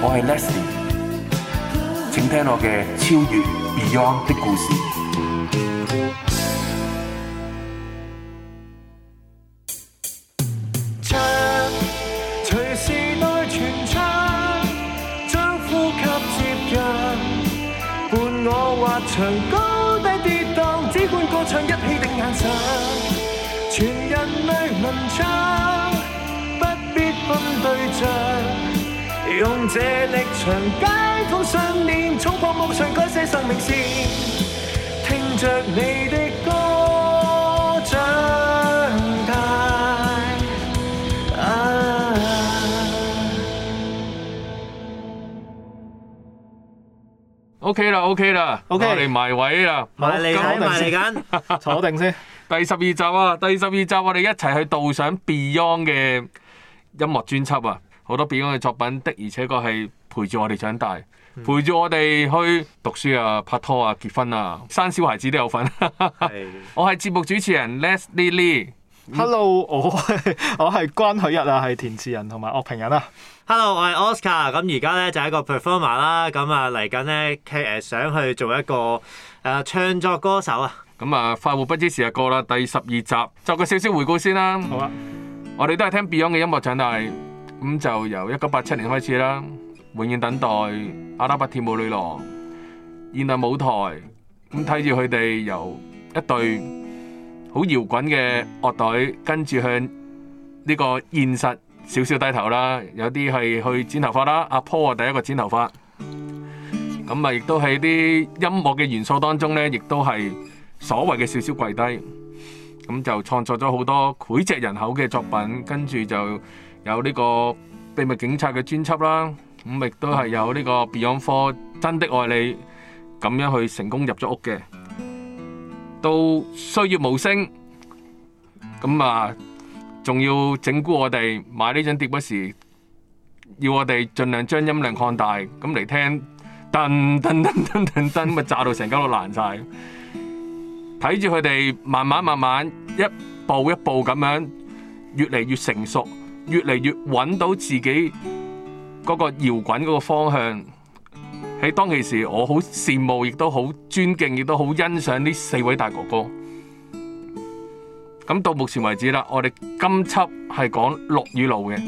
我係 Leslie，請聽我嘅超越 Beyond 的故事。唱，隨時代傳唱，將呼吸接近，伴我滑翔高低跌宕，只管歌唱一起定眼神。用這力場街信念，衝破改寫生命線，聽着你的歌，長大。OK 啦 OK 啦，OK，我哋埋位埋啊，坐定先。 第十二集啊，第十二集，我哋一齊去導賞 Beyond 嘅音樂專輯啊。好多 Beyond 嘅作品的，而且確係陪住我哋長大，嗯、陪住我哋去讀書啊、拍拖啊、結婚啊、生小孩子都有份。的 我係節目主持人 Les Lili Hello,、嗯。Hello，我係我係關許日啊，係填詞人同埋樂評人啊。Hello，我係 Oscar。咁而家咧就係、是、一個 performer 啦，咁啊嚟緊咧誒想去做一個誒、呃、唱作歌手啊。咁啊快活不知時日過啦，第十二集作個少，少少回顧先啦。好啊，我哋都係聽 Beyond 嘅音，音樂長大。 咁、 嗯、就由一九八七年開始啦，永遠等待、阿拉伯跳舞女郎、現代舞台，咁睇住佢哋由一隊好搖滾嘅樂隊，跟住向呢個現實少少低頭啦、啊，有啲係去剪頭髮啦，阿坡啊、Paul、第一個剪頭髮，咁咪亦都喺啲音樂嘅元素當中呢，亦都係所謂嘅少少跪低，咁、嗯、就創作咗好多膾炙人口嘅作品，跟住就。有呢個秘密警察嘅專輯啦，咁亦都係有呢個 Beyond 科真的愛你咁樣去成功入咗屋嘅，到歲月無聲咁啊，仲要整蠱我哋買呢張碟嗰時，要我哋盡量將音量擴大咁嚟聽，噔噔噔噔噔噔咪，炸到成間屋爛晒，睇住佢哋慢慢慢慢一步一步咁樣越嚟越成熟。越嚟越揾到自己嗰個搖滾嗰個方向，喺當其時我好羨慕，亦都好尊敬，亦都好欣賞呢四位大哥哥。咁到目前為止啦，我哋今輯係講《落雨路》嘅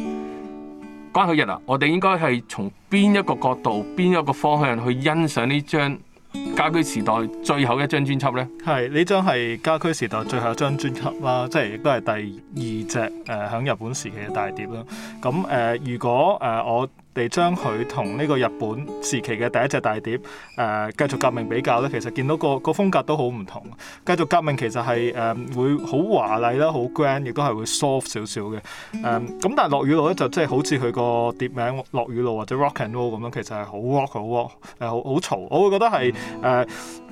關曉日啊，我哋應該係從邊一個角度、邊一個方向去欣賞呢張？家居時代最後一張專輯咧，係呢張係家居時代最後一張專輯啦，即係亦都係第二隻誒響日本時期嘅大碟啦。咁誒、呃，如果誒、呃、我。哋將佢同呢個日本時期嘅第一隻大碟誒、呃、繼續革命比較咧，其實見到個個風格都好唔同。繼續革命其實係誒、呃、會好華麗啦，好 grand 亦都係會 soft 少少嘅誒。咁、呃、但係落雨路咧就即係好似佢個碟名落雨路或者 rock and roll 咁樣，其實係好 rock 好 rock 誒好好嘈。我會覺得係誒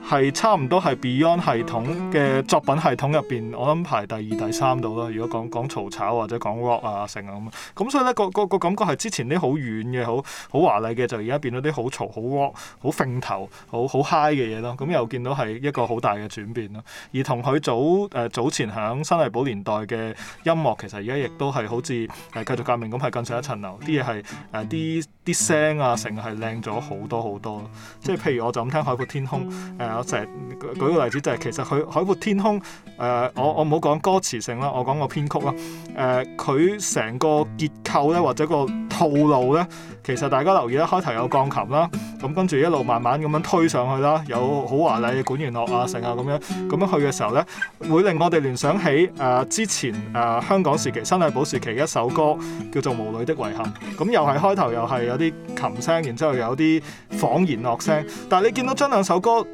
係差唔多係 Beyond 系統嘅作品系統入邊，我諗排第二第三度啦。如果講講嘈吵，吵或者講 rock 啊成啊咁啊，咁所以咧個個個感覺係之前啲好遠。嘅好好華麗嘅，就而家變咗啲好嘈、好 rock、好揈頭、好好 high 嘅嘢咯。咁又見到係一個好大嘅轉變咯。而同佢早誒、呃、早前喺新藝寶年代嘅音樂，其實而家亦都係好似誒、呃、繼續革命咁，係更上一層樓。啲嘢係誒啲啲聲啊，成係靚咗好多好多咯。即係譬如我就咁聽《海闊天空》誒、呃，我成日舉個例子就係、是、其實佢《海闊天空》誒、呃，我我冇講歌詞性啦，我講個編曲啦。誒、呃，佢成個結構咧，或者個套路咧。其實大家留意啦，開頭有鋼琴啦，咁跟住一路慢慢咁樣推上去啦，有好華麗嘅管弦樂啊、成啊咁樣，咁樣去嘅時候呢，會令我哋聯想起誒、呃、之前誒、呃、香港時期、新藝寶時期一首歌叫做《無淚的遺憾》。咁又係開頭又係有啲琴聲，然之後又有啲仿弦樂聲。但係你見到將兩首歌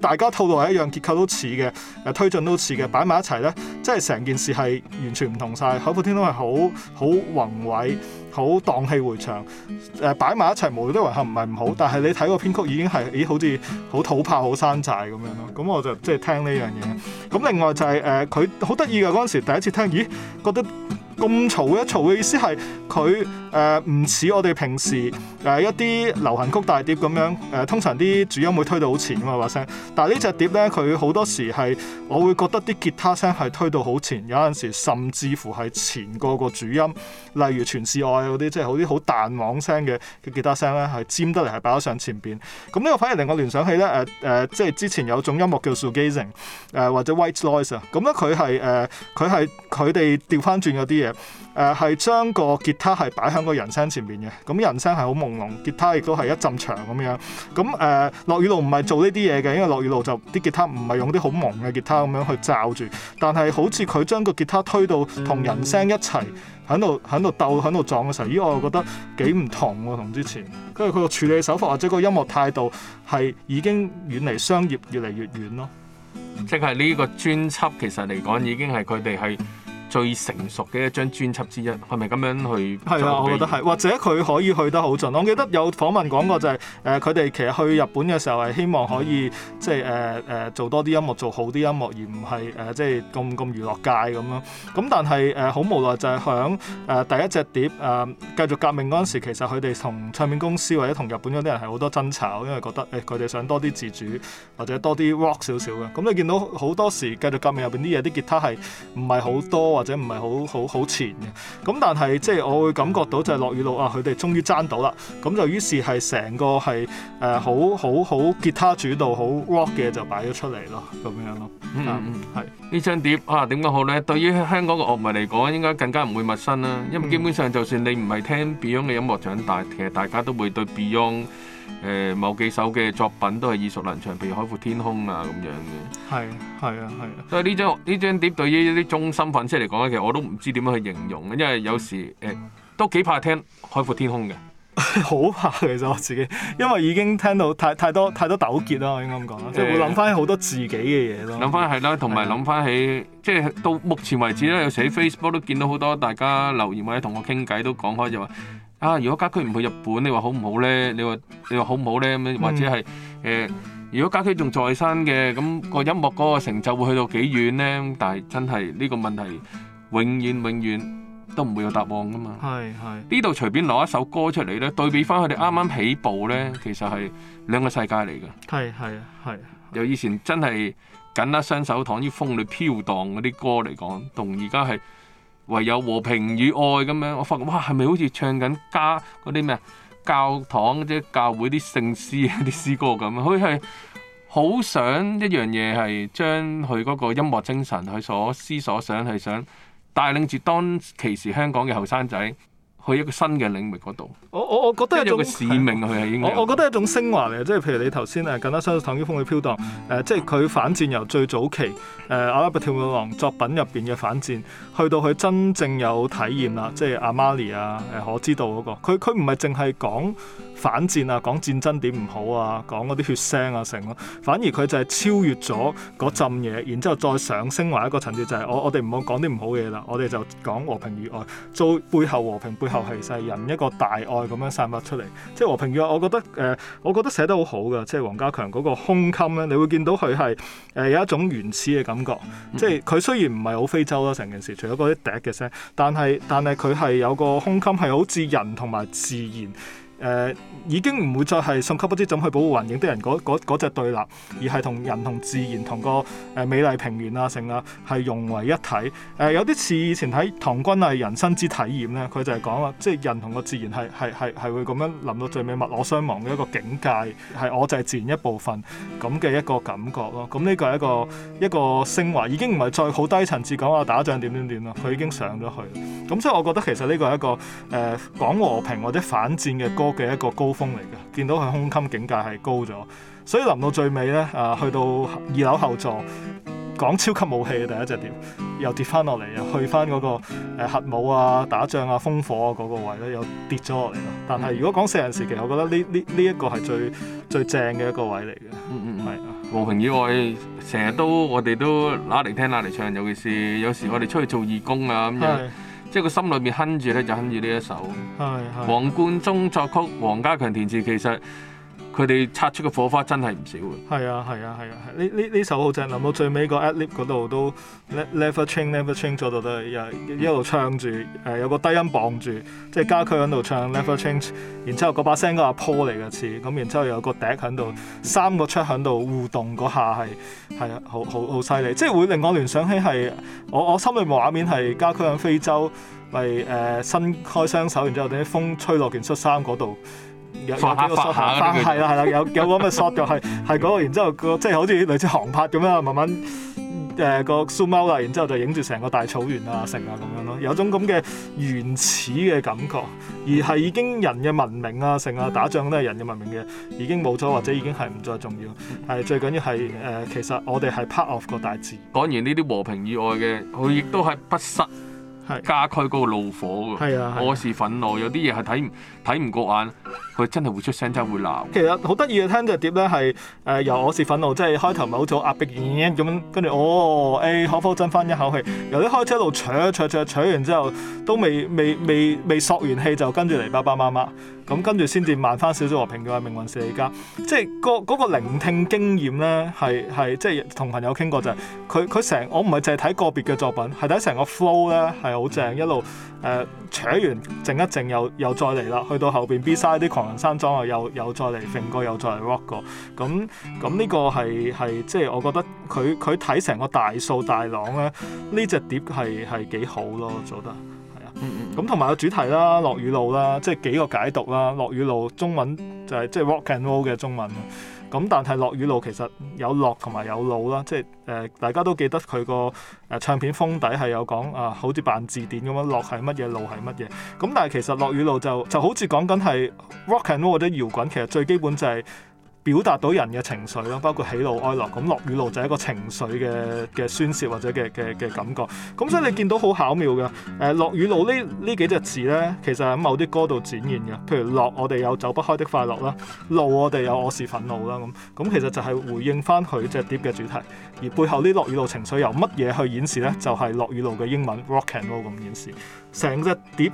大家套路係一樣，結構都似嘅，誒推進都似嘅，擺埋一齊呢，即係成件事係完全唔同晒。海闊天空係好好宏偉。好蕩氣迴腸，誒、呃、擺埋一齊無腦的融合唔係唔好，但係你睇個編曲已經係，咦好似好土炮、好山寨咁樣咯。咁我就即係聽呢樣嘢。咁另外就係誒佢好得意嘅嗰陣時，第一次聽，咦覺得。咁嘈一嘈嘅意思係佢誒唔似我哋平時誒、呃、一啲流行曲大碟咁樣誒、呃、通常啲主音會推到好前啊，把聲，但係呢隻碟咧，佢好多時係我會覺得啲吉他聲係推到好前，有陣時甚至乎係前過個主音。例如《全是愛》嗰啲，即係好啲好彈簧聲嘅嘅吉他聲咧，係尖得嚟，係擺咗上前邊，咁呢個反而令我聯想起咧誒誒即係之前有種音樂叫 Shoegazing 誒、呃、或者 White Noise 啊。咁咧佢係誒佢係佢哋調翻轉啲嘢。誒，係將、呃、個吉他係擺喺個人聲前面嘅，咁人聲係好朦朧，吉他亦都係一陣長咁樣。咁、呃、誒，落雨路唔係做呢啲嘢嘅，因為落雨路就啲吉他唔係用啲好朦嘅吉他咁樣去罩住，但係好似佢將個吉他推到同人聲一齊喺度喺度鬥喺度撞嘅時候，咦，我又覺得幾唔同喎、啊，同之前，跟住佢個處理手法或者個音樂態度係已經遠離商業越嚟越遠咯。即係呢個專輯其實嚟講，已經係佢哋係。最成熟嘅一張專輯之一，係咪咁樣去？係啊，我覺得係，或者佢可以去得好盡。我記得有訪問講過就係誒佢哋其實去日本嘅時候係希望可以、嗯、即係誒誒做多啲音樂做好啲音樂，而唔係誒即係咁咁娛樂界咁樣咁、嗯、但係誒好無奈就係響誒第一隻碟誒繼、呃、續革命陣時其實佢哋同唱片公司或者同日本嗰啲人係好多爭吵，因為覺得誒佢哋想多啲自主或者多啲 rock 少少嘅。咁、嗯、你見到好多時繼續革命入邊啲嘢，啲吉他係唔係好多？ 或者唔係好好好前嘅，咁但係即係我會感覺到就係落雨路啊，佢哋終於爭到啦，咁就於是係成個係誒好好好吉他主導好 rock 嘅就擺咗出嚟咯，咁樣咯，嗯嗯，係、嗯嗯是啊、呢張碟啊點講好咧？對於香港嘅樂迷嚟講，應該更加唔會陌生啦、啊，因為基本上就算你唔係聽 Beyond 嘅音樂長大，嗯、其實大家都會對 Beyond。誒某幾首嘅作品都係耳熟能詳，譬如《海闊天空》啊咁樣嘅。係，係啊，係啊。所以呢張呢張碟對於一啲忠心粉絲嚟講咧，其實我都唔知點樣去形容，因為有時誒、呃、都幾怕聽《海闊天空》嘅。好 怕其實我自己，因為已經聽到太太多太多糾結啦，我應該咁講，欸、即係會諗翻好多自己嘅嘢咯。諗翻係啦，同埋諗翻起，欸、即係到目前為止咧，有時 Facebook 都見到好多大家留言或者同我傾偈都講開就話。啊！如果家駒唔去日本，你話好唔好咧？你話你話好唔好咧？咁或者係誒、呃，如果家駒仲在生嘅，咁、嗰個音樂嗰個成就會去到幾遠咧？但係真係呢、呢個問題永，永遠永遠都唔會有答案噶嘛。係係。呢度隨便攞一首歌出嚟咧，對比翻佢哋啱啱起步咧，是其實係兩個世界嚟㗎。係係係。由以前真係緊握雙手躺於風裏飄蕩嗰啲歌嚟講，同而家係。唯有和平與愛咁樣，我發覺哇，係咪好似唱緊家嗰啲咩啊？教堂即係教會啲聖詩啲詩歌咁啊！佢係好想一樣嘢係將佢嗰個音樂精神，佢所思所想係想帶領住當其時香港嘅後生仔。去一個新嘅領域嗰度，我我我覺得一種一個使命佢係應該。的我我覺得一種升華嚟嘅，即係譬如你頭先啊，更加深入唐於峰嘅「飄蕩」嗯，誒、呃、即係佢反戰由最早期誒、呃、阿拉伯跳舞王作品入邊嘅反戰，去到佢真正有體驗啦，嗯、即係阿馬尼啊誒、呃，我知道嗰、那個，佢佢唔係淨係講。反戰啊，講戰爭點唔好啊，講嗰啲血腥啊，成咯，反而佢就係超越咗嗰陣嘢，然之後再上升為一個層次，就係我我哋唔好講啲唔好嘢啦，我哋就講和平與愛。做背後和平背後其實係人一個大愛咁樣散發出嚟，即係和平與愛我、呃。我覺得誒，我覺得寫得好好㗎，即係黃家強嗰個胸襟咧，你會見到佢係誒有一種原始嘅感覺，嗯、即係佢雖然唔係好非洲啦，成件事除咗嗰啲笛嘅聲，但係但係佢係有個胸襟係好似人同埋自然。誒、呃、已經唔會再係心急不知怎去保護環境的人嗰嗰隻對立，而係同人同自然同個誒美麗平原啊成啊係融為一體。誒、呃、有啲似以前喺唐君毅人生之體驗咧，佢就係講話，即係人同個自然係係係係會咁樣臨到最尾物我相忘嘅一個境界，係我就係自然一部分咁嘅一個感覺咯。咁呢個係一個一個昇華，已經唔係再好低層次講話打仗點點點咯，佢已經上咗去。咁、嗯、所以我覺得其實呢個係一個誒、呃、講和平或者反戰嘅歌嘅一個高峰嚟嘅，見到佢胸襟境界係高咗，所以臨到最尾咧，啊、呃，去到二樓後座講超級武器嘅第一隻碟，又跌翻落嚟，又去翻嗰、那個、呃、核武啊、打仗啊、烽火啊嗰、那個位咧，又跌咗落嚟咯。但係如果講四人時期，我覺得呢呢呢一個係最最正嘅一個位嚟嘅、嗯。嗯嗯嗯，係啊，和平以外，成日都我哋都拿嚟聽拿嚟唱，尤其是有時我哋出去做義工啊咁樣。的對 即係個心裏面哼住咧，就哼住呢一首。係係。黃貫中作曲，黃家強填詞，其實。佢哋擦出嘅火花真係唔少嘅。係啊，係啊，係啊，呢呢呢首好正，諗到最尾個 adlib 嗰度都 level change level change，做都一一路唱住，誒有個低音綁住，即係家駒響度唱 level change，然之後嗰把聲個阿 Paul 嚟嘅似，咁然之後有個 Deck 響度，三個出響度互動嗰下係係啊，好好好犀利，即係會令我聯想起係我我心裏面畫面係家駒響非洲，為誒伸開雙手，然之後啲風吹落件恤衫嗰度。有幾個 shot 發下、那個、發下，係啦係啦，有有咁嘅 shot 就係係嗰個，然之後個即係好似類似航拍咁樣，慢慢誒、呃、個 zoom out 啦，然之後就影住成個大草原啊、成啊咁樣咯，有種咁嘅原始嘅感覺，而係已經人嘅文明啊、成啊、打仗都係人嘅文明嘅，已經冇咗或者已經係唔再重要，係、嗯嗯、最緊要係誒、呃，其實我哋係 part of 個大自然。講完呢啲和平以外嘅，佢亦都係不失家蓋嗰個怒火啊，我是憤怒，有啲嘢係睇唔睇唔過眼。 是的佢真係會出聲，真係會鬧。其實好得意嘅，聽隻碟咧係誒由我是憤怒，即係開頭唔係好做壓逼咁，跟、嗯、住哦誒、哎、可否爭翻一口氣？由啲開車一路搶搶搶搶完之後，都未未未未索完氣，就跟住嚟爸爸媽媽。咁跟住先至慢翻少少和平嘅命運是而家，即係個嗰個聆聽經驗咧係係即係同朋友傾過，就係佢佢成我唔係淨係睇個別嘅作品，係睇成個 flow 咧，係好正一路。誒扯、呃、完靜一靜，又又再嚟啦，去到後邊 B 曬啲狂人山莊啊，又又再嚟揈過，又再嚟 rock 過，咁咁呢個係係即係我覺得佢佢睇成個大數大朗咧，呢隻碟係係幾好咯，做得係啊，咁同埋個主題啦，落雨路啦，即係幾個解讀啦，落雨路中文就係即係 rock and roll 嘅中文。咁但係落雨路其實有落同埋有路啦，即係誒、呃、大家都記得佢個誒唱片封底係有講啊、呃，好似扮字典咁樣，落係乜嘢，路係乜嘢。咁但係其實落雨路就就好似講緊係 rock and roll 或者搖滾，其實最基本就係、是。表達到人嘅情緒咯，包括喜怒哀樂。咁樂與怒就係一個情緒嘅嘅宣洩或者嘅嘅嘅感覺。咁所以你見到好巧妙嘅，誒、呃、樂與怒呢呢幾隻字咧，其實喺某啲歌度展現嘅。譬如樂，我哋有走不開的快樂啦；怒，我哋有我是憤怒啦。咁咁其實就係回應返佢隻碟嘅主題。而背後呢樂與怒情緒由乜嘢去演示咧？就係、是、樂與怒嘅英文 rock and roll 咁演示成隻碟。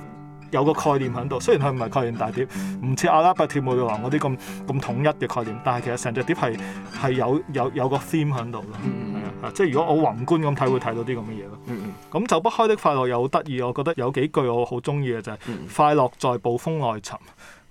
有個概念喺度，雖然佢唔係概念大碟，唔似阿拉伯跳舞嘅話嗰啲咁咁統一嘅概念，但係其實成隻碟係係有有有個 theme 喺度咯，係啊，即係如果我宏觀咁睇，會睇到啲咁嘅嘢咯。咁、嗯《走不開的快樂》又好得意，我覺得有幾句我好中意嘅就係、是嗯：快樂在暴風外沉。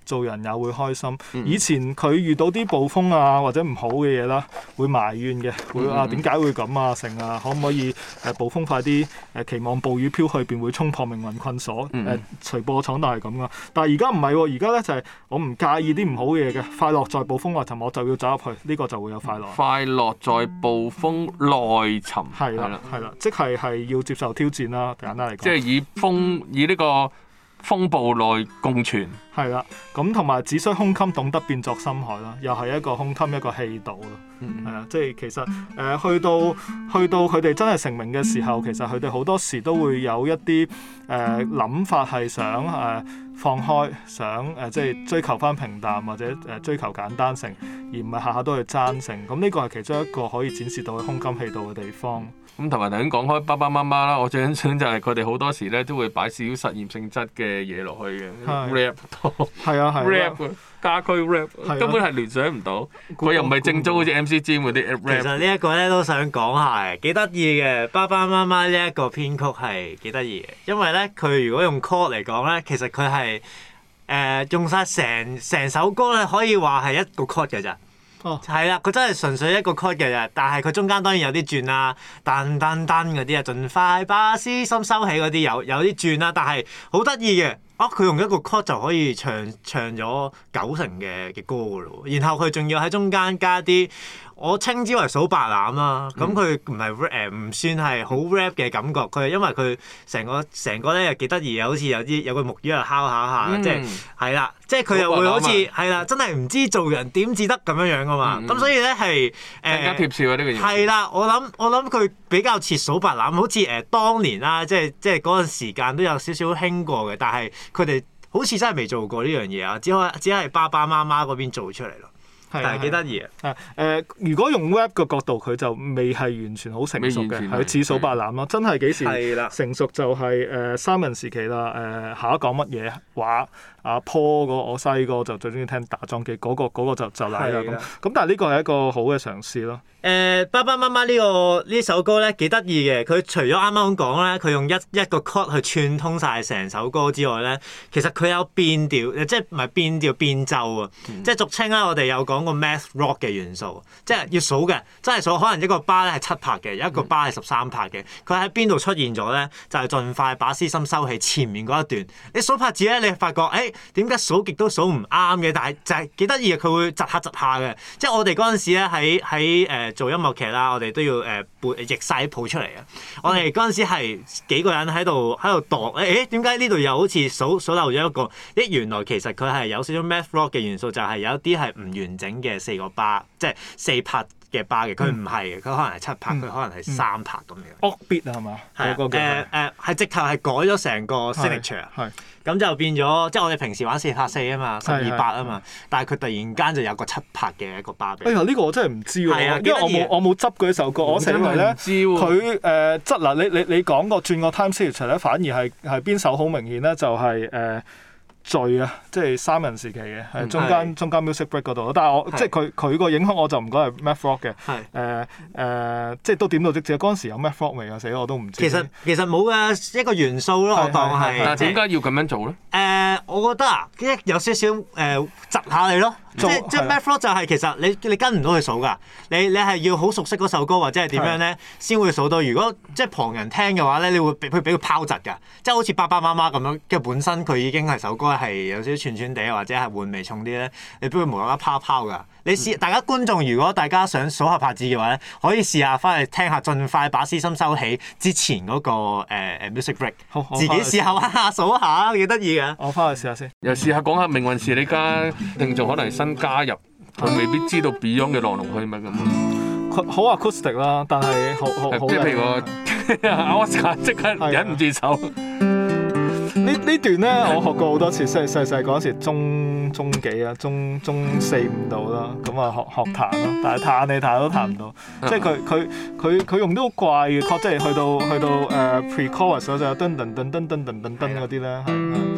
做人也會開心。以前佢遇到啲暴風啊，或者唔好嘅嘢啦，會埋怨嘅，會啊，點解會咁啊？成啊，啊，可唔可以誒、呃、暴風快啲？誒、呃、期望暴雨飄去，便會衝破命運困鎖。誒、嗯呃、隨波闖蕩係咁噶。但係而家唔係喎，而家咧就係、是、我唔介意啲唔好嘢嘅，快樂在暴風內尋，我就要走入去，呢、這個就會有快樂。快樂在暴風內尋，係啦，係啦，即係係要接受挑戰啦，簡單嚟講，即係以風以呢、這個。風暴內共存，係啦，咁同埋只需胸襟懂得變作深海啦，又係一個胸襟，一個氣度咯，係啊、嗯嗯，即係其實誒、呃、去到去到佢哋真係成名嘅時候，其實佢哋好多時都會有一啲誒諗法係想誒。呃放開，想誒、呃、即係追求返平淡或者誒、呃、追求簡單性，而唔係下下都去爭勝。咁呢個係其中一個可以展示到嘅胸襟氣度嘅地方。咁同埋頭先講開爸爸媽媽啦，我最欣賞就係佢哋好多時咧都會擺少少實驗性質嘅嘢落去嘅的 rap，係啊係啊。 家居 rap、啊、根本係聯想唔到，佢又唔係正宗好似 MC g 嗰啲。其實呢一個咧都想講下嘅，幾得意嘅《爸爸媽媽》呢一個編曲係幾得意嘅，因為咧佢如果用 chord 嚟講咧，其實佢係誒用晒成成首歌咧，可以話係一個 chord 嘅咋。哦、啊。係啦，佢真係純粹一個 chord 嘅咋，但係佢中間當然有啲轉啊，噔噔噔嗰啲啊，盡快把私心收起嗰啲有有啲轉啦、啊，但係好得意嘅。佢、啊、用一個 chord 就可以唱唱咗九成嘅嘅歌噶咯，然後佢仲要喺中間加啲。我稱之為數白欖啦，咁佢唔係 rap 誒，唔算係好 rap 嘅感覺。佢係因為佢成個成個咧又幾得意，啊，好似有啲有個木魚啊敲下下，嗯、即係係啦，即係佢又會好似係啦，真係唔知做人點至得咁樣樣噶嘛。咁、嗯、所以咧係誒貼係啦、啊，我諗我諗佢比較似數白欖，好似誒、呃、當年啦、啊，即係即係嗰陣時間都有少少興過嘅，但係佢哋好似真係未做過呢樣嘢啊，只可只係爸爸媽媽嗰邊做出嚟咯。係啊，幾得意啊！啊、呃，如果用 Web 嘅角度，佢就未係完全好成熟嘅，佢次數百攬咯，真係幾時成熟就係、是、誒、呃、三文時期啦，誒、呃，下一講乜嘢話？阿坡、啊那個我細個就最中意聽打裝機嗰個嗰、那個就就難啦咁咁，但係呢個係一個好嘅嘗試咯。誒、欸，爸爸媽媽、這個這個、呢個呢首歌咧幾得意嘅，佢除咗啱啱講咧，佢用一一個 chord 去串通晒成首歌之外咧，其實佢有變調，即係唔係變調變奏啊？嗯、即係俗稱咧，我哋有講過 math rock 嘅元素，即係要數嘅，真係數。可能一個巴咧係七拍嘅，一個巴係十三拍嘅。佢喺邊度出現咗咧？就係、是、盡快把私心收起。前面嗰一段，你數拍子咧，你發覺誒。欸點解數極都數唔啱嘅？但係就係幾得意嘅，佢會窒下窒下嘅。即係我哋嗰陣時咧，喺喺誒做音樂劇啦，我哋都要誒撥譯曬啲譜出嚟啊。我哋嗰陣時係幾個人喺度喺度度誒誒？點解呢度又好似數數漏咗一個？原來其實佢係有少少 math rock 嘅元素，就係有一啲係唔完整嘅四個巴，即係四拍嘅巴嘅。佢唔係，佢可能係七拍，佢可能係三拍咁樣。Oct beat 啊，係嘛？誒係直頭係改咗成個 signature。咁就變咗，即係我哋平時玩四拍四啊嘛，十二拍啊嘛，但係佢突然間就有個七拍嘅一個 bar。哎呀，呢、這個我真係唔知喎、啊，的因為我冇我冇執佢首歌，我認為咧，佢誒執嗱，你你你講個轉個 time series 咧，反而係係邊首好明顯咧，就係、是、誒。呃序啊，即係三人時期嘅，係、嗯、中間是中間 music break 嗰度咯。但係我是即係佢佢個影響，我就唔覺得係 math rock 嘅。係誒是、呃、即係都點到即止，即係嗰陣時有 math rock 未啊？死我都唔知。其實其實冇嘅一個元素咯，是我當係。但係點解要咁樣做咧？誒、呃，我覺得、啊、有一有少少誒窒下你咯。即係做即係 method 就係其實你你跟唔到佢數㗎，你你係要好熟悉嗰首歌或者係點樣咧，先會數到。如果即係旁人聽嘅話咧，你會俾佢俾佢拋窒㗎。即係好似爸爸媽媽咁樣，即係本身佢已經係首歌係有少少串串地或者係玩味重啲咧，你都會無啦啦拋拋㗎。你試大家觀眾，如果大家想數下拍子嘅話，可以試下翻嚟聽下，盡快把私心收起。之前嗰、那個、uh, music break，自己試一下啊，數下，幾得意㗎。我翻去試下先。又試 下講下《命運是你家》，定做可能 加入佢未必知道 Beyond 嘅來龍去脈係乜咁，好 Acoustic 啦，但係好好即係譬如我，即刻忍唔住手。呢呢段咧，我學過好多次，細細細嗰陣時中中幾啊，中中四五度啦，咁啊學學彈咯，但係彈你彈都彈唔到，即係佢佢佢佢用啲好怪嘅，即係去到去到誒 Pre-Chorus 嗰陣，噔噔噔噔噔噔噔嗰啲咧。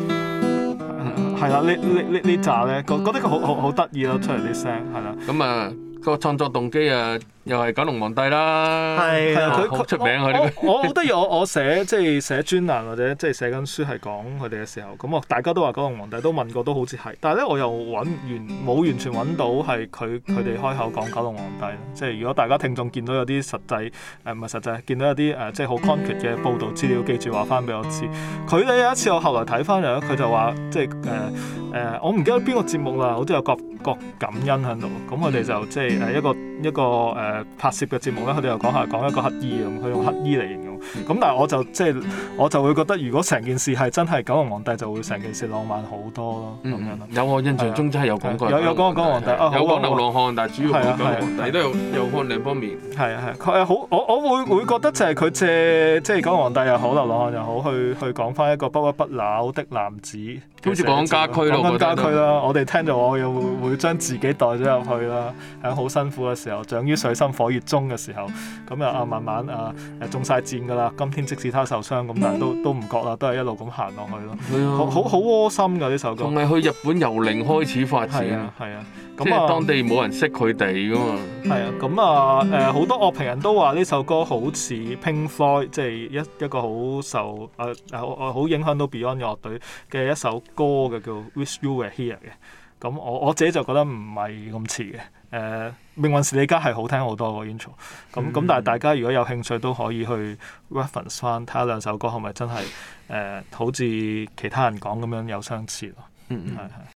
係啦，呢呢呢呢扎咧，覺覺得佢、嗯、好好好得意咯，出嚟啲聲係啦。咁啊，個創作動機啊。又係九龍皇帝啦，係啊，佢出名佢。啲！我好得意，我我寫即係寫專欄或者即係寫緊書，係講佢哋嘅時候，咁我大家都話九龍皇帝都問過，都好似係。但係咧，我又揾完冇完全揾到係佢佢哋開口講九龍皇帝。即係如果大家聽眾見到有啲實際誒唔係實際，見到有啲誒即係好 concrete 嘅報導資料，記住話翻俾我知。佢哋有一次我後來睇翻又，佢就話即係誒誒，我唔記得邊個節目啦，好似有郭郭錦恩喺度，咁佢哋就即係誒一個一個誒。拍攝嘅節目咧，佢哋又講下講一個乞兒，咁佢用乞兒嚟形容。咁但係我就即係我就會覺得，如果成件事係真係九龍皇帝，就會成件事浪漫好多咯。咁樣有我印象中真係有講過。有有講講皇帝，有講流浪漢，但係主要九龍皇帝都有有講兩方面。係啊係。啊好，我我會會覺得就係佢借即係講皇帝又好，流浪漢又好，去去講返一個不屈不撓的男子，好似講家居咯。講家居啦，我哋聽到我又會會將自己代咗入去啦，喺好辛苦嘅時候，長於水深火熱中嘅時候，咁啊啊，慢慢啊，中曬箭噶啦。今天即使他受傷，咁但係都都唔覺啦，都係一路咁行落去咯。啊、好好好窩心噶呢首歌。仲係去日本由零開始發展，係啊，係啊，咁係、啊、當地冇人識佢哋噶嘛。係啊，咁、嗯、啊，誒好、啊呃、多樂評人都話呢首歌好似 Pink Floyd，即係一一個好受誒、啊啊、好影響到 Beyond 樂隊嘅一首歌嘅叫 Wish You Were Here 嘅。咁、啊、我我自己就覺得唔係咁似嘅。誒，uh, 命運是你家係好聽好多喎 intro，咁咁但係大家如果有興趣都可以去 reference 翻睇下兩首歌係咪真係誒，uh, 好似其他人講咁樣有相似咯，嗯嗯，係係。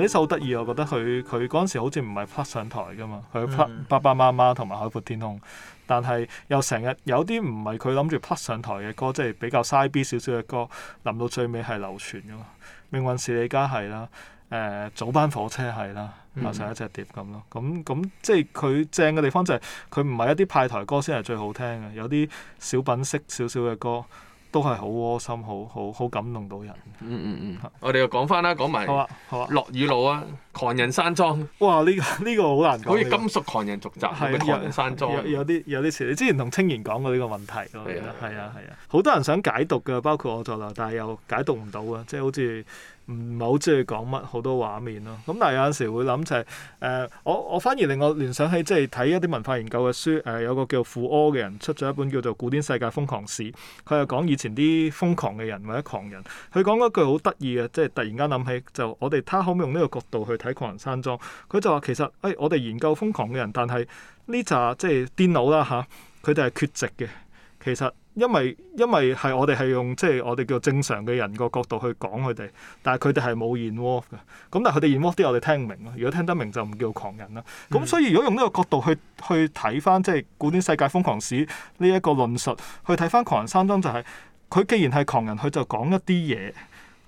呢首好得意，我覺得佢佢嗰陣時好似唔係 put 上台噶嘛，佢 put 爸爸媽媽同埋海闊天空，但係又成日有啲唔係佢諗住 put 上台嘅歌，即係比較嘥 B 少少嘅歌，臨到最尾係流傳噶嘛。命運是你家係啦，誒、呃、早班火車係啦，拍曬、嗯、一隻碟咁咯。咁咁即係佢正嘅地方就係佢唔係一啲派台歌先係最好聽嘅，有啲小品式少少嘅歌。都係好窩心，好好好感動到人，嗯。嗯嗯嗯，我哋又講翻啦，講埋。好啊，好啊。落雨路啊，狂人山莊。哇！呢個呢個好難講。好似金屬狂人續集咁嘅、這個、有啲有啲似，你之前同青年講過呢個問題。我覺得係啊係啊！好多人想解讀嘅，包括我在內，但係又解讀唔到啊！即係好似。唔係好中意講乜，好多畫面咯。咁但係有陣時會諗就係、是、誒、呃，我我反而令我聯想起即係睇一啲文化研究嘅書。誒、呃，有個叫庫柯嘅人出咗一本叫做《古典世界瘋狂史》，佢係講以前啲瘋狂嘅人或者狂人。佢講嗰句好得意嘅，即、就、係、是、突然間諗起就我哋，他可唔可以用呢個角度去睇狂人山莊？佢就話其實誒、哎，我哋研究瘋狂嘅人，但係呢揸即係電腦啦嚇，佢哋係缺席嘅，其實。因為因為係我哋係用即係、就是、我哋叫正常嘅人個角度去講佢哋，但係佢哋係冇言語嘅。咁但係佢哋言語啲我哋聽唔明。如果聽得明就唔叫狂人啦。咁所以如果用呢個角度去去睇翻即係古典世界瘋狂史呢一個論述，去睇翻狂人三章就係、是、佢既然係狂人，佢就講一啲嘢。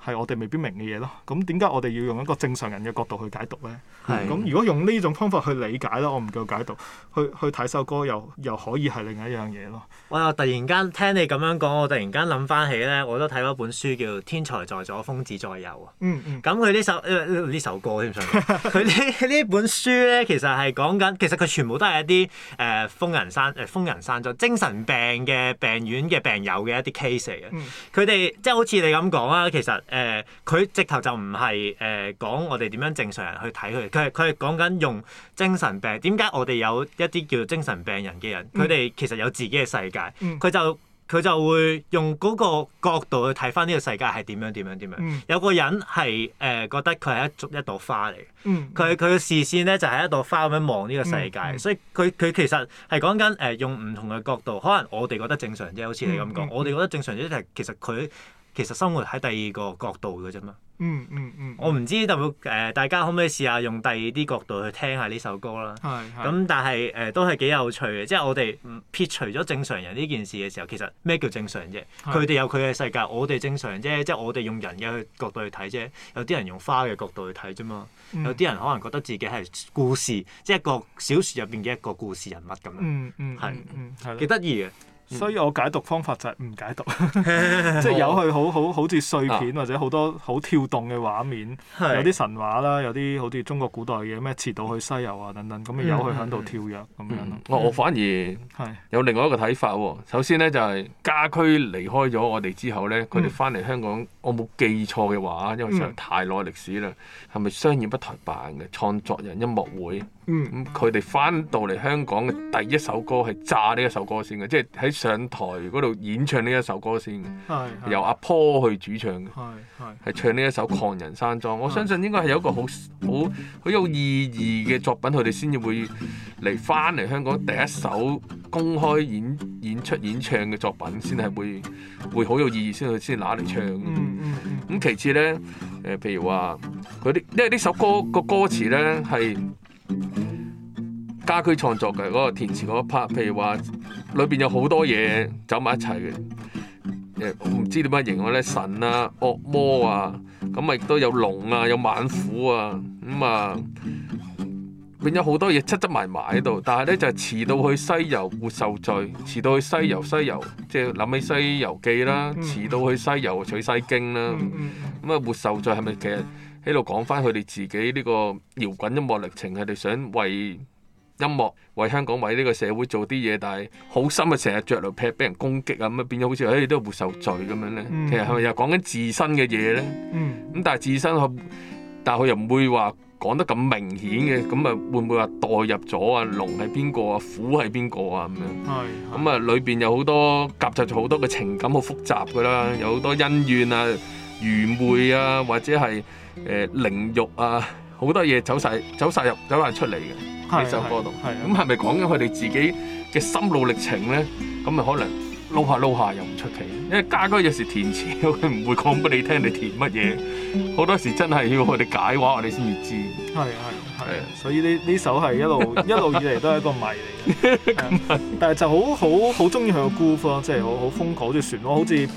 係我哋未必明嘅嘢咯，咁點解我哋要用一個正常人嘅角度去解讀咧？咁是、嗯、如果用呢種方法去理解咧，我唔叫解讀，去去睇首歌又又可以係另一樣嘢咯。我又突然間聽你咁樣講，我突然間諗翻起咧，我都睇過一本書叫《天才在左，瘋子在右》啊。咁佢呢首誒呢、呃、首歌添上，佢呢呢本書咧，其實係講緊，其實佢全部都係一啲誒、呃、瘋人山誒、呃、瘋人山莊精神病嘅病院嘅病、病友嘅一啲 case 嚟嘅。佢哋、嗯、即係好似你咁講啦，其實。誒，佢、呃、直頭就唔係誒講我哋點樣正常人去睇佢，佢係佢係講緊用精神病點解我哋有一啲叫精神病人嘅人，佢哋其實有自己嘅世界，佢、mm. 就佢就會用嗰個角度去睇翻呢個世界係點樣點樣點樣。Mm. 有個人係誒、呃、覺得佢係一種一朵花嚟，佢佢嘅視線咧就係、是、一朵花咁樣望呢個世界，mm. Mm. 所以佢佢其實係講緊誒、呃、用唔同嘅角度，可能我哋覺得正常啫，好似你咁講，mm. Mm. Mm. 我哋覺得正常啫，就係其實佢。其實生活喺第二個角度嘅啫嘛。嗯嗯嗯、我唔知就誒，大家可唔可以試下用第二啲角度去聽下呢首歌啦。咁、嗯、但係誒、呃，都係幾有趣嘅。即係我哋撇除咗正常人呢件事嘅時候，其實咩叫正常啫？佢哋是有佢嘅世界，我哋正常啫。即係我哋用人嘅角度去睇啫，有啲人用花嘅角度去睇啫嘛。有啲人可能覺得自己係故事，即係一個小説入邊嘅一個故事人物咁樣。嗯嗯。係、嗯。幾得意嘅。所以我解讀方法就係唔解讀， 即係有佢好好好似碎片、啊、或者好多好跳動嘅畫面，是有啲神話啦，有啲好似中國古代嘅咩，切到去西遊啊等等，噉咪由佢喺度跳躍，噉樣我反而，有另外一個睇法喎、哦、是首先呢就係、是、家駒離開咗我哋之後呢，佢哋返嚟香港。我冇記錯嘅話，因為實在太耐歷史啦，係咪、嗯、商業不台辦嘅創作人音樂會？咁佢哋翻到嚟香港嘅第一首歌係炸呢一首歌先嘅，即係喺上台嗰度演唱呢一首歌先嘅，是是是由阿波去主唱嘅，係是唱呢一首《狂人山莊》。我相信應該係有一個好好好有意義嘅作品，佢哋先至會嚟翻嚟香港第一首。公開演演出演唱嘅作品先係會會好有意義先去先拿嚟唱。咁、嗯嗯嗯、其次咧，誒、呃、譬如話嗰啲，因為呢首歌個歌詞咧係家駒創作嘅嗰、那個填詞嗰一 part，譬如話裏邊有好多嘢走埋一齊嘅，我、嗯、唔知點樣形容咧，神啊惡魔啊，咁咪亦都有龍啊有猛虎啊咁啊。嗯啊變咗好多嘢，執執埋埋喺度。但係咧就係遲到去西遊活受罪，遲到去西遊西遊，即係諗起《西遊記》啦。遲到去西遊取西經啦。咁啊，活受罪係咪其實喺度講返佢哋自己呢個搖滾音樂歷程？佢哋想為音樂、為香港、為呢個社會做啲嘢，但係好心啊，成日著嚟劈，俾人攻擊啊，咁啊變咗好似唉都活受罪咁樣咧。其實係咪又講緊自身嘅嘢咧？咁但係自身佢，但係佢又唔會話。講得咁明顯嘅，咁啊會唔會話代入咗啊？龍係邊個啊？虎係邊個啊？咁樣、嗯，咁啊裏邊有好多夾雜咗好多嘅情感，好複雜噶啦，嗯、有好多恩怨啊、愚昧啊，嗯、或者係誒、呃、靈慾啊，好多嘢走晒走曬入走曬出嚟嘅呢首歌度。咁係咪講緊佢哋自己嘅心路歷程咧？咁啊可能。撈下撈下又唔出奇，因為家哥有時填詞，佢唔會講俾你聽你填乜嘢，好多時真係要我哋解話，我哋先至知。係係係，所以呢呢首係一路 一路以嚟都係一個謎嚟嘅。但係就好好好中意佢嘅 groove 即係好好瘋狂好似旋律，好似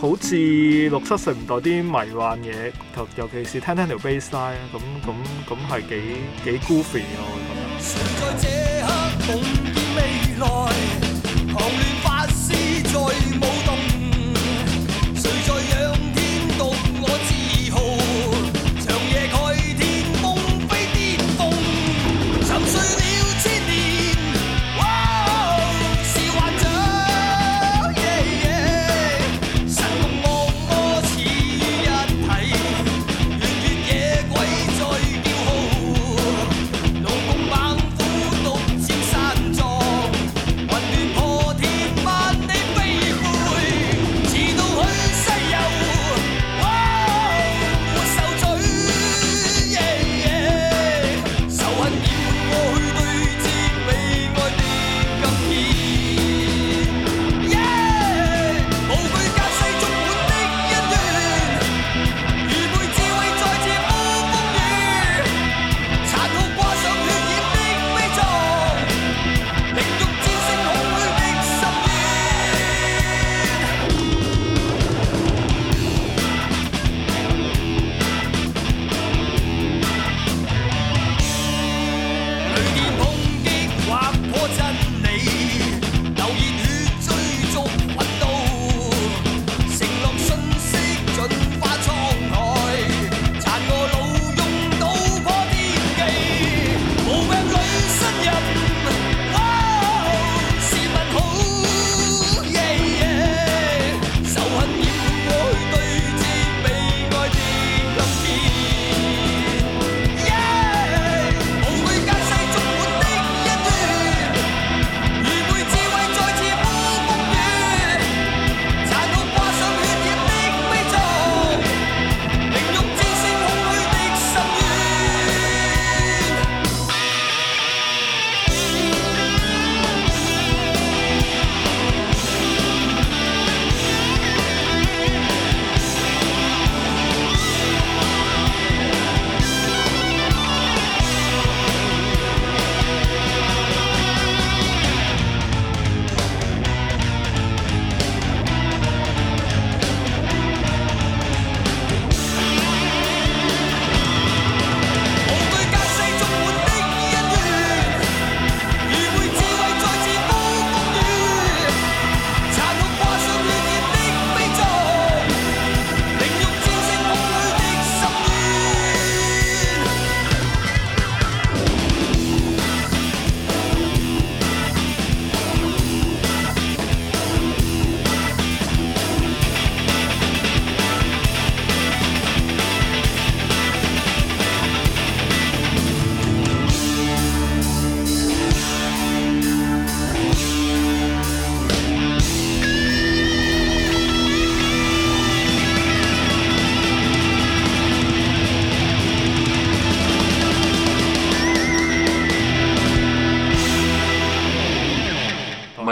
好似六七十年代啲迷幻嘢。尤其是聽聽條 bass line 咁咁咁係幾幾 groovy 咯，我覺得。在夢。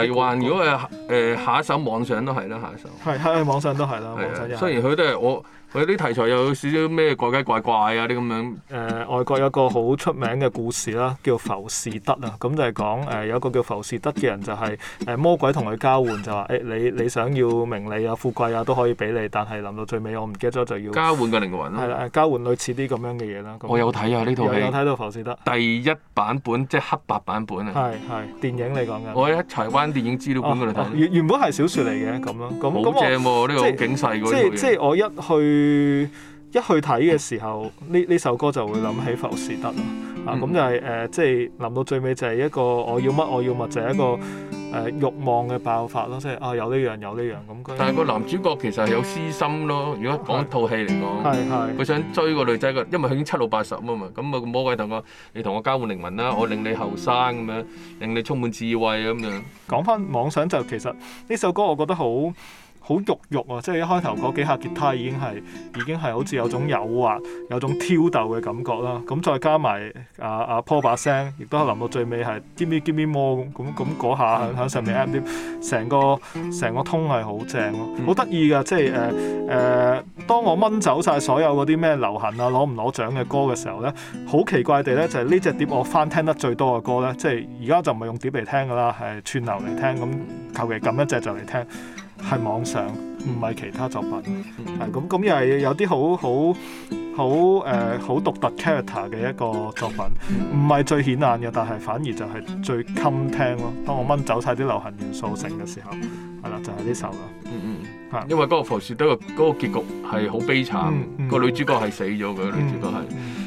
迷幻，如果係誒、呃、下一首網上都係啦，下一首係係網上都係啦。的雖然佢都係我佢啲題材又有少少咩怪雞怪怪啊啲咁樣。外國有個好出名嘅故事啦，叫浮士德啊，咁就係講誒有個叫浮士德嘅人，就係誒魔鬼同佢交換，就話誒你你想要名利啊、富貴啊都可以俾你，但係臨到最尾我唔記得咗就要交換個靈魂咯。係啦，交換類似啲咁樣嘅嘢啦。我有睇啊呢套戲，有睇到浮士德第一版本，即係黑白版本啊。係係電影你講嘅。我喺台灣電影資料館度睇。原原本係小說嚟嘅咁樣。咁咁我即係即係我一去。一去睇嘅時候，呢呢首歌就會諗起浮士德啦，嗯、啊咁就係、是、誒，即係諗到最尾就係一個我要乜我要乜、嗯呃，就係、是、一、啊這個誒慾望嘅爆發咯，即係啊有呢樣有呢樣咁。嗯、但係個男主角其實係有私心咯，如果講一套戲嚟講，佢想追個女仔，佢因為佢已經七老八十啊嘛，咁啊魔鬼同我，你同我交換靈魂啦，我令你後生咁樣，令你充滿智慧咁樣。講翻妄想就其實呢首歌我覺得好。好肉肉啊！即係一開頭嗰幾下吉他已經係已經係好似有種誘惑、有種挑逗嘅感覺啦。咁再加埋阿阿 Paul 把聲，亦都係臨到最尾係 Gimme Gimme More 咁咁咁嗰下喺喺上面 M 啲，成個成個通係好正咯、啊，好得意噶！即係誒誒，當我掹走晒所有嗰啲咩流行啊攞唔攞獎嘅歌嘅時候咧，好奇怪地咧就係呢隻碟我翻聽得最多嘅歌咧，即係而家就唔係用碟嚟聽噶啦，係串流嚟聽咁，求其撳一隻就嚟聽。係網上，唔係其他作品。啊、嗯，咁、嗯、咁又係有啲好好好誒好獨特 character 嘅一個作品，唔係最顯眼嘅，但係反而就係最襟聽咯。當我掹走晒啲流行元素性嘅時候，係啦，就係呢首啦。嗯嗯。嚇是！因為嗰個浮士德個嗰結局係好悲慘，嗯、個女主角係死咗嘅，嗯、女主角係。嗯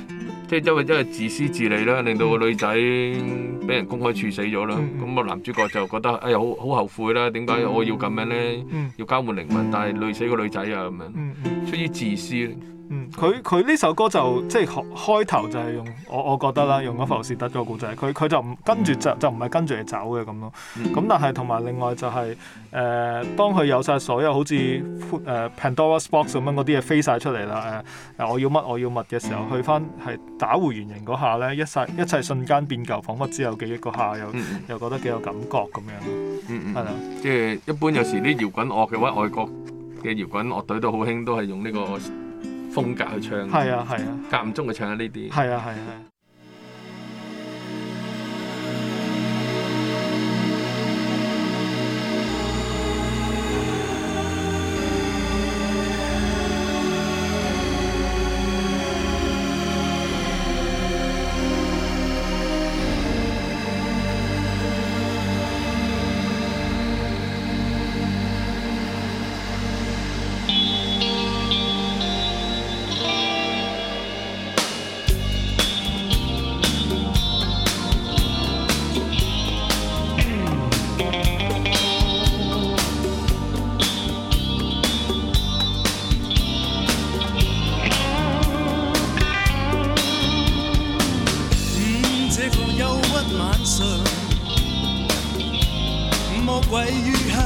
即係因為因為自私自利啦，令到個女仔俾人公開處死咗啦。咁啊、mm hmm. 男主角就覺得哎呀好好後悔啦，點解我要咁樣咧？Mm hmm. 要交換靈魂，但係累死個女仔啊咁樣。關於自私嗯，佢佢呢首歌就即係開頭就係用我我覺得啦，用咗浮士德個故仔，佢佢就唔跟住就就唔係跟住你走嘅咁咯。咁但係同埋另外就係誒，當佢有晒所有好似誒 Pandora Box 咁樣嗰啲嘢飛晒出嚟啦誒，我要乜我要乜嘅時候，去翻係打回原形嗰下咧，一剎一切瞬間變舊，彷彿只有記憶嗰下，又又覺得幾有感覺咁樣。嗯嗯，係啊，即係一般有時啲搖滾樂嘅話，外國。嘅搖滾樂隊都好興，都係用呢個風格去唱，係啊係啊間唔中就唱下呢啲，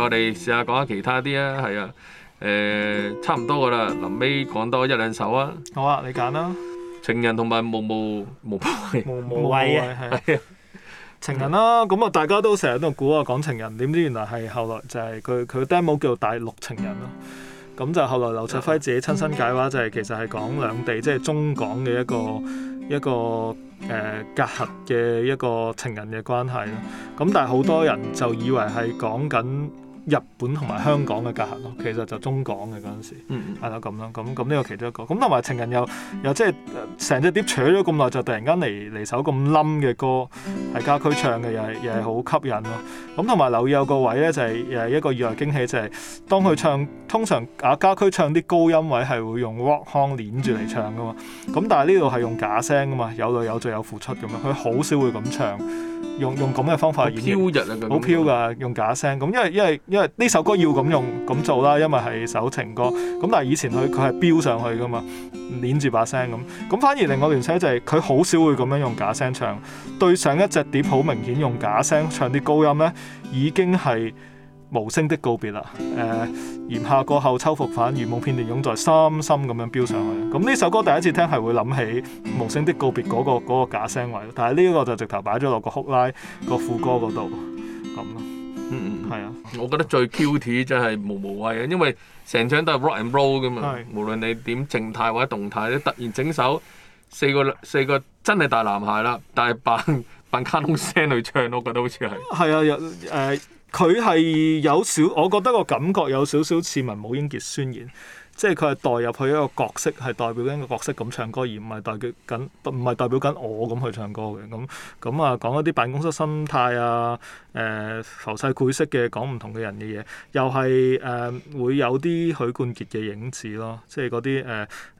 我哋試下講下其他啲啊，係啊，誒，差唔多噶啦，臨尾講多一兩首啊。好啊，你揀啦。情人同埋霧霧霧霧。霧霧霧霧。係啊，情人啦，咁啊，大家都成日都估啊，講情人，點知原來係後來就係、是、佢佢 demo 叫《大陸情人》咯、嗯。咁就後來劉卓輝自己親身解話、就是，就係其實係講兩地即係、就是、中港嘅一個一個誒、呃、隔閡嘅一個情人嘅關係咯。咁但係好多人就以為係講緊。日本同埋香港嘅隔閡咯，其實就中港嘅嗰陣時，係咯咁咯，咁咁呢個其中一個，咁同埋情人又又即係成隻碟扯咗咁耐，就突然間嚟嚟首咁冧嘅歌，係家駒唱嘅，又係又係好吸引咯、啊。咁同埋留意有個位咧就係、是、誒一個意外驚喜，就係、是、當佢唱，通常阿家駒唱啲高音位係會用 rock 腔攣住嚟唱噶嘛，咁但係呢度係用假聲噶嘛，有淚有罪有付出咁樣，佢好少會咁唱。用用咁嘅方法演繹，好飄㗎、啊，咁樣飄用假聲咁，因為因為因為呢首歌要咁用咁做啦，因為係首情歌，咁但係以前佢佢係飈上去㗎嘛，捏住把聲咁，咁反而令我聯想就係佢好少會咁樣用假聲唱，對上一隻碟好明顯用假聲唱啲高音咧，已經係。無聲的告別啦，誒炎夏過後秋復返，如夢片段湧在深深咁樣飆上去。咁呢首歌第一次聽係會諗起無聲的告別嗰、嗰個嗰個假聲位，但係呢一個就直頭擺咗落個 hook line 個副歌嗰度咁咯。嗯嗯，係、嗯、啊，我覺得最 cute 即係無無畏啊，因為成張都係 rock and roll 咁嘛。是無論你點靜態或者動態咧，突然整首四個四個真係大男孩啦，但係扮扮卡通聲去唱，我覺得好似係係啊，又、呃、誒。呃佢係有少，我覺得個感覺有少少似文武英傑宣言，即係佢係代入去一個角色，係代表緊個角色咁唱歌，而唔係代表緊唔係代表緊我咁去唱歌嘅。咁咁啊，講、嗯嗯、一啲辦公室生態啊，誒、呃、浮世繪式嘅講唔同嘅人嘅嘢，又係誒、呃、會有啲許冠傑嘅影子咯，即係嗰啲誒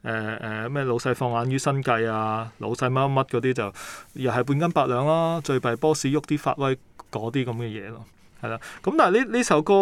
誒誒咩老細放眼於身計啊，老細乜乜嗰啲就又係半斤八兩啦，最弊 boss 喐啲發威嗰啲咁嘅嘢咯。係啦，咁、嗯、但係呢呢首歌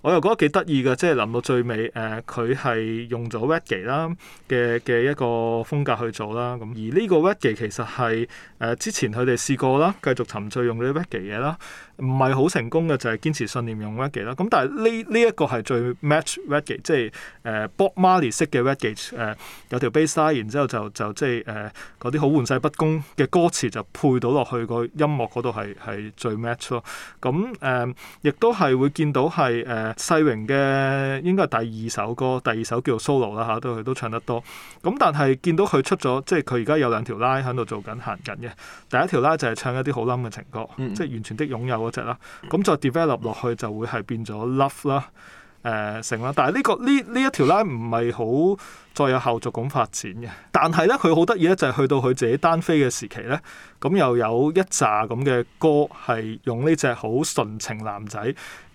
我又覺得幾得意嘅，即係臨到最尾，誒佢係用咗 reggae 啦嘅嘅一個風格去做啦。咁、嗯、而呢個 reggae 其實係誒、呃、之前佢哋試過啦，繼續沉醉用啲 reggae 嘢啦，唔係好成功嘅就係、是、堅持信念用 reggae 啦。咁但係呢呢一個係最 match reggae、呃、即係誒 Bob Marley 式、呃、嘅 reggae 誒有條 bass line，然之後就就即係誒嗰啲好玩世不恭嘅歌詞就配到落去，個音樂嗰度係係最 match 咯。咁、嗯、誒。嗯嗯嗯嗯嗯亦都係會見到係誒、呃、世榮嘅應該係第二首歌，第二首叫 Solo 啦、啊、嚇，都佢都唱得多。咁但係見到佢出咗，即係佢而家有兩條拉喺度做緊行緊嘅。第一條拉就係唱一啲好冧嘅情歌，嗯、即係完全的擁有嗰隻啦。咁、啊、再 develop 落去就會係變咗 love 啦、啊。誒成啦，但係、這、呢個呢呢一,一條啦，唔係好再有後續咁發展嘅。但係咧，佢好得意咧，就係、是、去到佢自己單飛嘅時期咧，咁、嗯、又有一紮咁嘅歌係用呢隻好純情男仔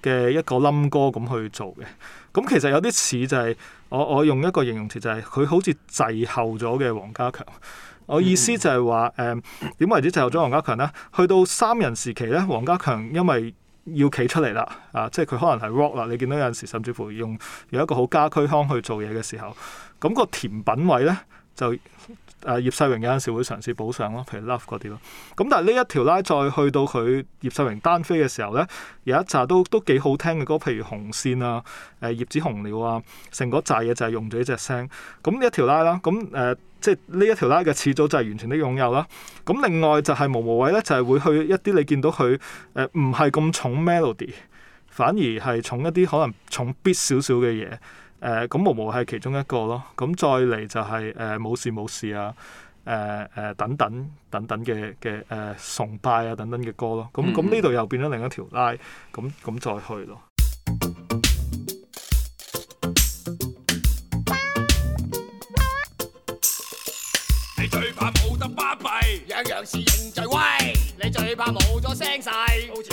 嘅一個冧歌咁去做嘅。咁其實有啲似就係我我用一個形容詞就係佢好似滯後咗嘅黃家強。我意思就係話誒點為之滯後咗黃家強咧？嗯嗯嗯、去到三人時期咧，黃家強因為要企出嚟啦，啊，即係佢可能係 rock 啦，你見到有陣時甚至乎用有一個好家居腔去做嘢嘅時候，咁、那個甜品位咧就。誒、啊、葉世榮有陣時會嘗試補上咯，譬如 Love 嗰啲咯。咁、嗯、但係呢一條拉再去到佢葉世榮單飛嘅時候呢，有一扎都都幾好聽嘅歌，譬如紅線啊、誒、啊、葉子紅鳥啊，成嗰扎嘢就係用咗呢隻聲。咁、嗯、呢一條拉啦，咁、嗯、誒、呃、即係呢一條拉嘅始祖就係完全的擁有啦。咁、嗯、另外就係無無謂呢，就係、是、會去一啲你見到佢誒唔係咁重 melody，反而係重一啲可能重 beat 少少嘅嘢。誒咁無無係其中一個咯，咁再嚟就係誒冇事冇事啊，誒誒等等等等嘅嘅誒崇拜啊等等嘅歌咯，咁咁呢度又變咗另一條拉，咁咁再去咯。你最怕冇得巴閉，樣樣事認低威，你最怕冇咗聲勢。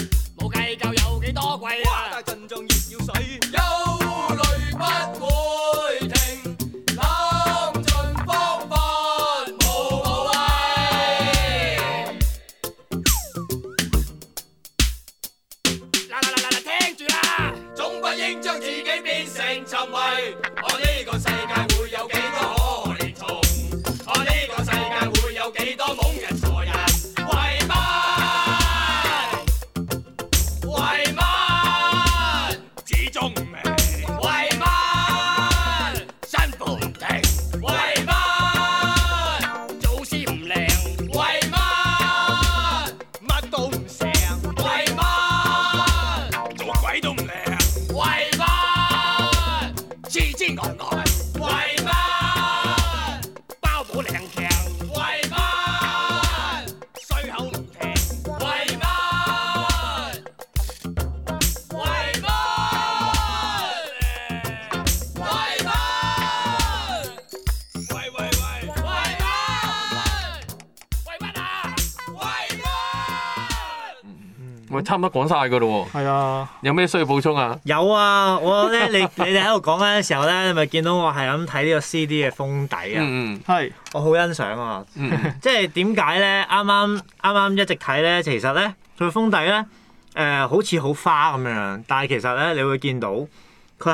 乜講晒噶嘞喎？係啊！有咩需要補充啊？有啊！我咧，你你哋喺度講緊嘅時候咧， 你咪見到我係咁睇呢個 CD 嘅封底啊！嗯係。我好欣賞啊！嗯、 即係點解咧？啱啱啱啱一直睇咧，其實咧，佢封底咧，誒、呃、好似好花咁樣，但係其實咧，你會見到佢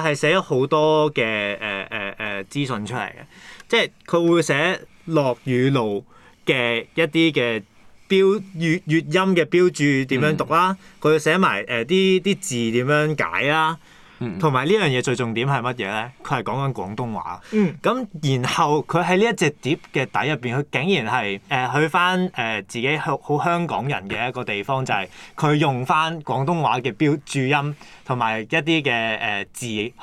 係寫咗好多嘅誒誒誒資訊出嚟嘅，即係佢會寫落雨露嘅一啲嘅。標粵粵音嘅標注點樣讀啦、啊？佢、嗯、寫埋誒啲啲字點樣解啦、啊？同埋呢樣嘢最重點係乜嘢咧？佢係講緊廣東話。咁、嗯、然後佢喺呢一隻碟嘅底入邊，佢竟然係誒、呃、去翻誒、呃、自己好好香港人嘅一個地方，就係、是、佢用翻廣東話嘅標注音同埋一啲嘅誒字去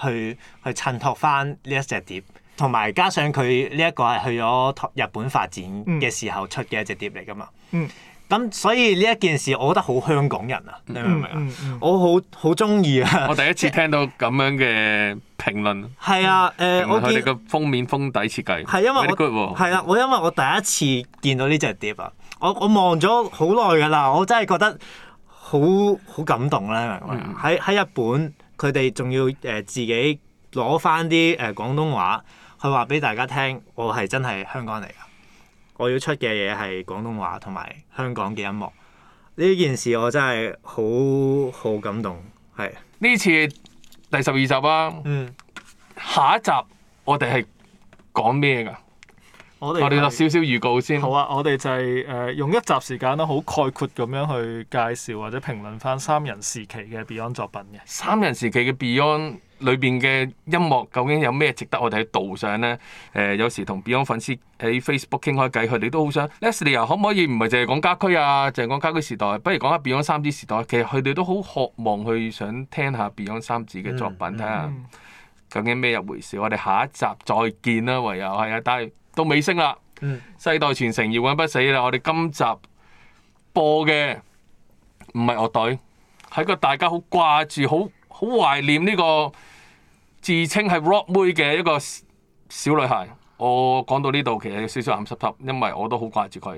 去襯托翻呢一隻碟。同埋加上佢呢一個係去咗日本發展嘅時候出嘅一隻碟嚟噶嘛，咁、嗯、所以呢一件事我覺得好香港人啊，嗯、你明唔明、嗯、啊？我好好中意啊！我第一次聽到咁樣嘅評論，係、嗯嗯、啊，誒、呃，我見個封面封底設計係因為我啦、啊啊，我因為我第一次見到呢隻碟啊，我我望咗好耐噶啦，我真係覺得好好感動咧、啊，喺喺、嗯、日本佢哋仲要誒自己攞翻啲誒廣東話。佢話俾大家聽，我係真係香港嚟㗎，我要出嘅嘢係廣東話同埋香港嘅音樂。呢件事我真係好好感動。係呢次第十二集啊，嗯、下一集我哋係講咩㗎？我哋我哋有少少預告先。好啊，我哋就係、是、誒、呃、用一集時間咯，好概括咁樣去介紹或者評論返三人時期嘅 Beyond 作品嘅。三人時期嘅 Beyond。裏邊嘅音樂究竟有咩值得我哋去導賞呢？誒、呃，有時同 Beyond 粉絲喺 Facebook 傾開偈，佢哋都好想。 Leslie 又可唔可以唔係淨係講家駒啊，淨係講家駒時代，不如講下 Beyond 三子時代。其實佢哋都好渴望去想聽下 Beyond 三子嘅作品，睇下、嗯、究竟咩一回事。嗯、我哋下一集再見啦，唯有係啊。但係到尾聲啦，嗯、世代傳承，搖滾不死啦。我哋今集播嘅唔係樂隊，係個大家好掛住、好好懷念呢、這個。自稱係 rock 妹嘅一個小女孩，我講到呢度其實有少少眼濕濕，因為我都好掛住佢，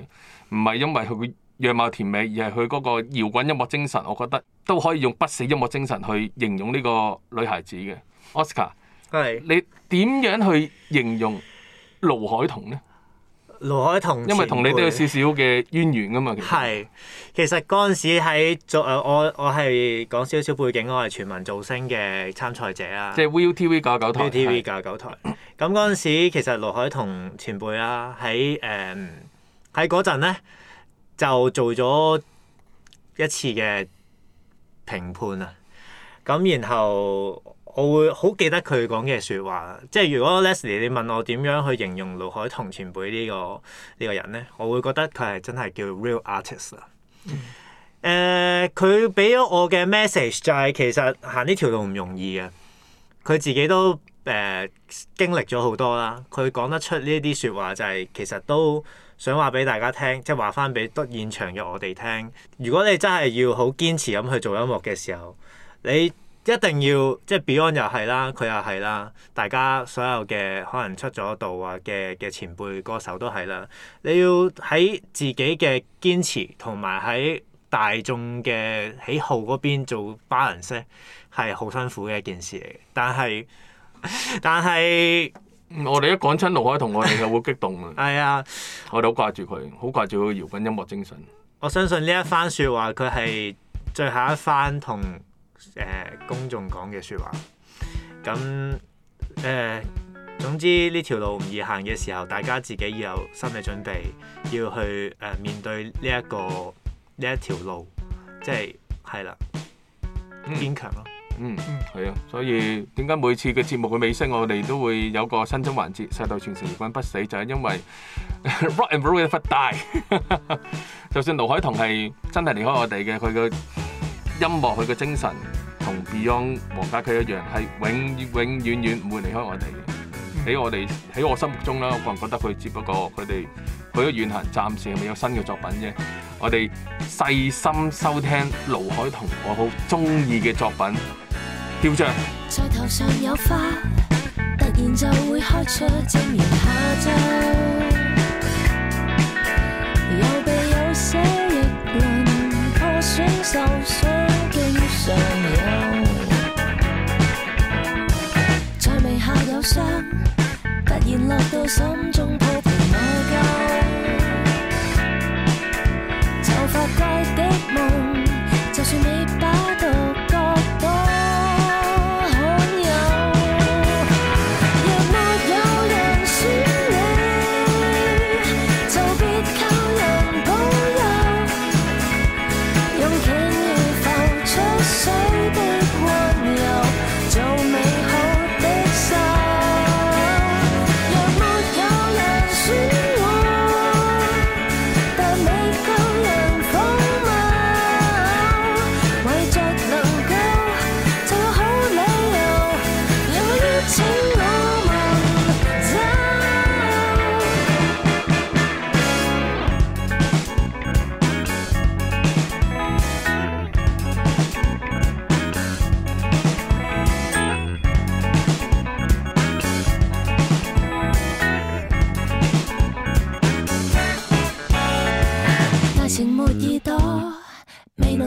唔係因為佢樣貌甜美，而係佢嗰個搖滾音樂精神，我覺得都可以用不死音樂精神去形容呢個女孩子嘅 Oscar，的你點樣去形容盧海彤呢？盧海彤，因為同你都有少少嘅淵源㗎嘛，其實係其實嗰陣時喺做誒，我我係講少少背景，我係全民造星嘅參賽者啦。即係 ViuTV 九九台，ViuTV 九九台。咁嗰陣時其實盧海彤前輩啦，喺誒喺嗰陣咧就做咗一次嘅評判啊。咁然後。我會好記得佢講嘅説話，即係如果 Leslie 你問我點樣去形容盧凱彤前輩呢、這個呢、這個人咧，我會覺得佢係真係叫 real artist 啦。誒、嗯，佢俾咗我嘅 message 就係其實行呢條路唔容易嘅，佢自己都誒、呃、經歷咗好多啦。佢講得出呢啲説話就係其實都想話俾大家聽，即係話翻俾現場嘅我哋聽。如果你真係要好堅持咁去做音樂嘅時候，你一定要即係 Beyond 又係啦，佢又係啦，大家所有嘅可能出咗道啊嘅嘅前輩歌手都係啦。你要喺自己嘅堅持同埋喺大眾嘅喜好嗰邊做 balance 係好辛苦嘅一件事嚟。但係，但係，我哋一講親盧海鵬，我哋係會激動 啊，係啊，我哋好掛住佢，好掛住佢搖滾音樂精神。我相信呢一番說話佢係最後一番同。誒公眾講嘅説話，咁誒，總之呢條路唔易行嘅時候，大家自己要有心理準備，要去誒面對呢一個呢一條路，即係係啦，堅強咯。嗯，係啊，所以點解每次嘅節目嘅尾聲，我哋都會有個新增環節《世代傳承，義憤不死》，就係因為 Rock and Roll 一發大，就算盧海彤係真係離開我哋嘅，佢嘅音樂，佢嘅精神。同 Beyond、黃家駒一樣，係永永遠遠唔會離開我哋。喺、嗯、我哋喺我心目中啦，我個人覺得佢只不過佢哋佢都遠行，暫時未有新嘅作品啫。我哋細心收聽盧海彤，我好中意嘅作品，叫做。 在眉下有傷，突然落到心中破。